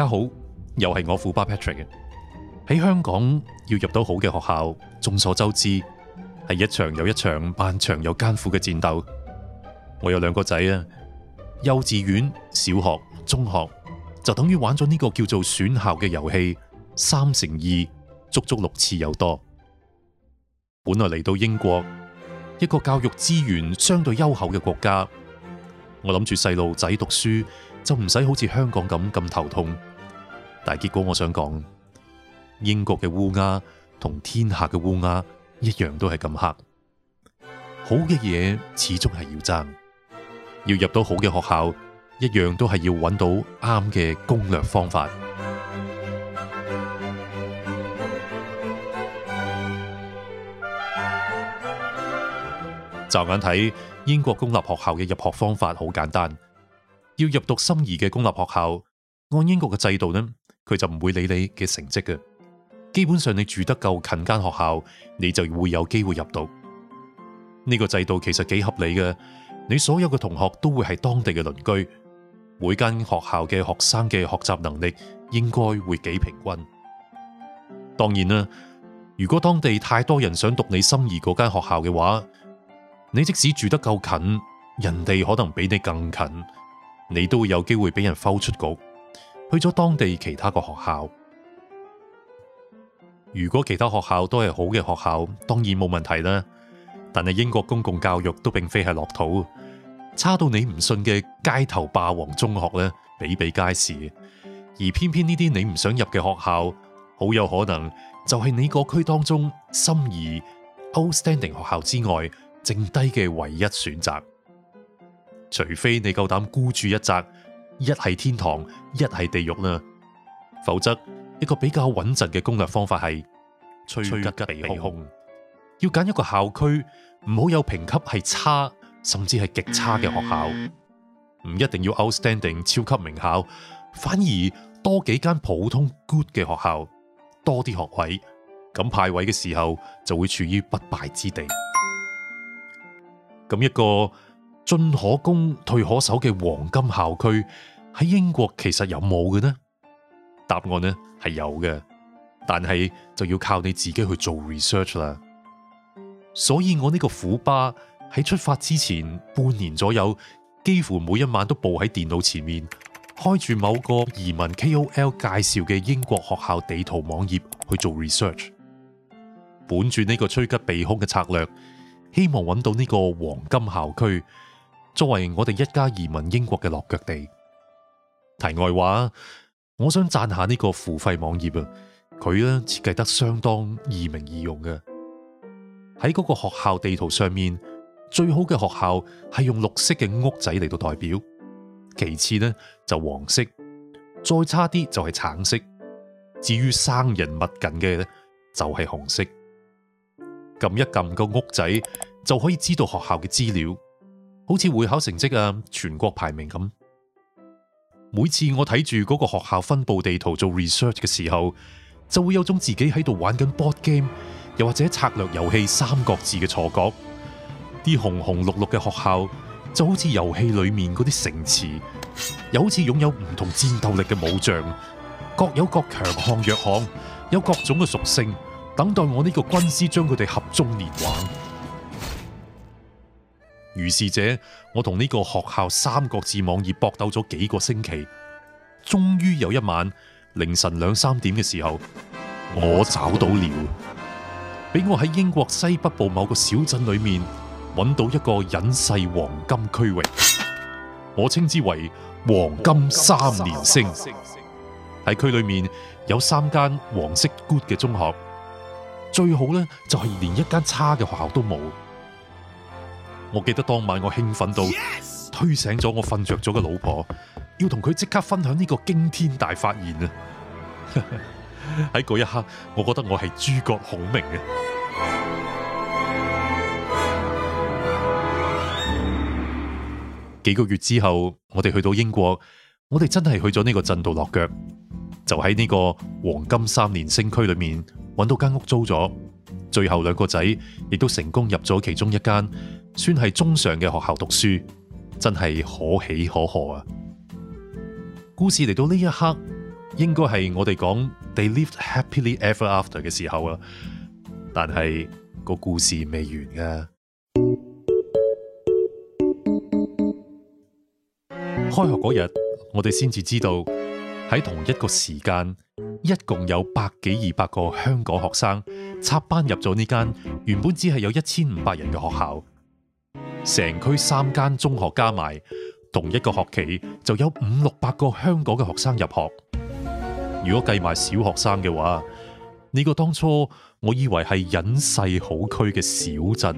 大家好，又係我父爸 Patrick 嘅，喺香港要入到好嘅學校，眾所周知係一場又一場漫長又艱苦嘅戰鬥。我有兩個仔啊，幼稚園、小學、中學就等於玩咗呢個叫做選校嘅遊戲三乘二，足足六次有多。本來嚟到英國一個教育資源相對優厚嘅國家，我諗住細路仔讀書就唔使好似香港咁咁頭痛。但係結果，我想講，英國嘅烏鴉同天下嘅烏鴉一樣都係咁黑。好嘅嘢，始終係要爭，要入到好嘅學校，一樣都係要揾到啱嘅攻略方法。驟眼睇英國公立學校嘅入學方法好簡單，要入讀心儀嘅公立學校，按英國嘅制度呢？佢就唔會理你嘅成績嘅。基本上你住得夠近間學校，你就會有機會入讀呢個制度。其實幾合理嘅。你所有嘅同學都會係當地嘅鄰居。每間學校嘅學生嘅學習能力應該會幾平均。當然啦，如果當地太多人想讀你心儀嗰間學校嘅話，你即使住得夠近，人哋可能比你更近，你都會有機會俾人拋出局。去咗當地其他個學校，如果其他學校都係好嘅學校，當然冇問題啦。但係英國公共教育都並非係樂土，差到你唔信嘅街頭霸王中學咧比比皆是。而偏偏呢啲你唔想入嘅學校，好有可能就係你個區當中心儀 Outstanding 學校之外，剩低嘅唯一選擇。除非你夠膽孤注一擲。一係天堂，一係地獄啦。否則一個比較穩陣嘅攻略方法係趨吉避凶，要揀一個校區唔好有評級係差，甚至係極差嘅學校。唔一定要 outstanding 超級名校，反而多幾間普通 good 嘅學校，多啲學位，咁派位嘅時候就會處於不敗之地。咁一個。進可攻退可守嘅黃金校區喺英國其實有冇嘅呢？答案呢係有嘅，但係就要靠你自己去做 research 啦。所以我呢個苦巴喺出發之前半年左右，幾乎每一晚都坐喺電腦前面，開住某個移民 KOL 介紹嘅英國學校地圖網頁去做 research，本住呢個趨吉避凶嘅策略，希望揾到呢個黃金校區。作為我哋一家移民英國嘅落腳地。題外話，我想贊下呢個付費網頁啊，佢咧設計得相當易明易用嘅。喺嗰個學校地圖上面，最好嘅學校係用綠色嘅屋仔嚟到代表，其次呢就黃色，再差啲就係橙色，至於生人勿近嘅咧就係紅色。撳一撳個屋仔就可以知道學校嘅資料。好似會考成績啊，全國排名咁。每次我睇住嗰個學校分布地圖做 research 嘅時候，就會有種自己喺度玩緊 board game，又或者策略遊戲三國志嘅錯覺。啲紅紅綠綠嘅學校就好似遊戲裏面嗰啲城池，又好似擁有唔同戰鬥力嘅武將，各有各強項弱項，有各種嘅屬性，等待我呢個軍師將佢哋合縱連橫。如是者，我同呢個學校三國志網頁搏鬥咗幾個星期，終於有一晚凌晨兩三點嘅時候，我找到了，俾 我喺英國西北部某個小鎮裏面揾到一個隱世黃金區域，我稱之為黃金三連星。喺區裏面有三間黃色 good 嘅中學，最好呢就係連一間差嘅學校都冇。我記得當晚我興奮到推醒咗我瞓着咗嘅老婆，要同佢即刻分享呢個驚天大發現啊！喺 嗰一刻，我覺得我係諸葛孔明嘅。 幾個月之後，我哋去到英國，我哋真係去咗呢個鎮度落腳，就喺呢個黃金三年星區裏面揾到間屋租咗，最後兩個仔亦都成功入咗其中一間。算係中上嘅學校讀書，真係可喜可賀啊！故事嚟到呢一刻，應該係我哋講 They lived happily ever after 嘅時候啊！但係個故事未完噶。 開學嗰日，我哋先至知道喺同一個時間，一共有百幾二百個香港學生插班入咗呢間原本只係有一千五百人嘅學校。成區三間中學加埋，同一個學期就有五六百個香港嘅學生入學。如果計埋小學生嘅話，呢個當初我以為係隱世好區嘅小鎮，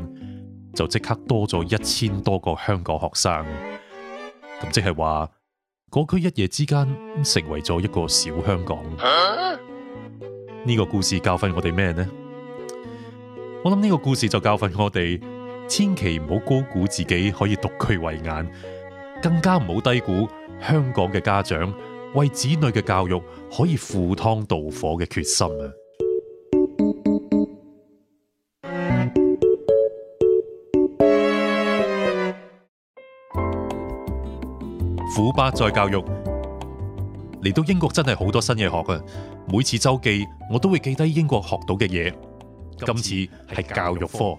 就即刻多咗一千多個香港學生。咁即係話，嗰區一夜之間成為咗一個小香港。呢個故事教訓我哋咩呢？我諗呢個故事就教訓我哋。千祈唔好高估自己可以獨具慧眼，更加唔好低估香港嘅家長為子女嘅教育可以赴湯蹈火嘅決心啊！苦巴、嗯、在教育嚟到英國真係好多新嘢學啊！每次周記我都會記低英國學到嘅嘢，今次係教育科。科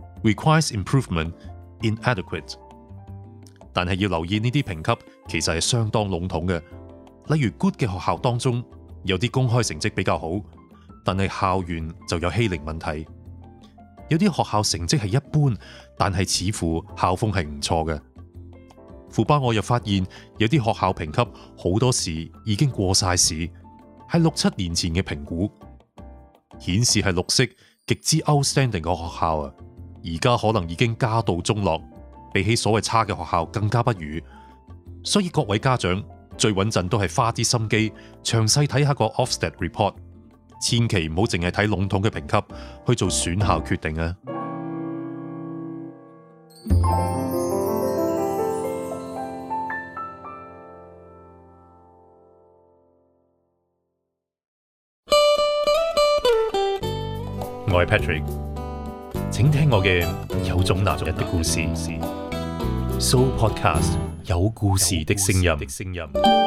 Requires improvement, inadequate。但係要留意呢啲評級其實係相當籠統嘅。例如，good 嘅學校當中有啲公開成績比較好，但係校園就有欺凌問題。有啲學校成績係一般，但係似乎校風係唔錯嘅。副班我又發現有啲學校評級好多時已經過晒時，喺六七年前嘅評估顯示係綠色，極之 outstanding 嘅學校啊。而家可能已經家道中落，比起所謂差嘅學校更加不如，所以各位家長最穩陣都係花啲心機，詳細睇下個 Ofsted report，千祈唔好淨係睇籠統嘅評級去做選校決定啊！ 我係 Patrick。請聽，聽我嘅有種男人的故事，的故事，So Podcast 有故事的聲音。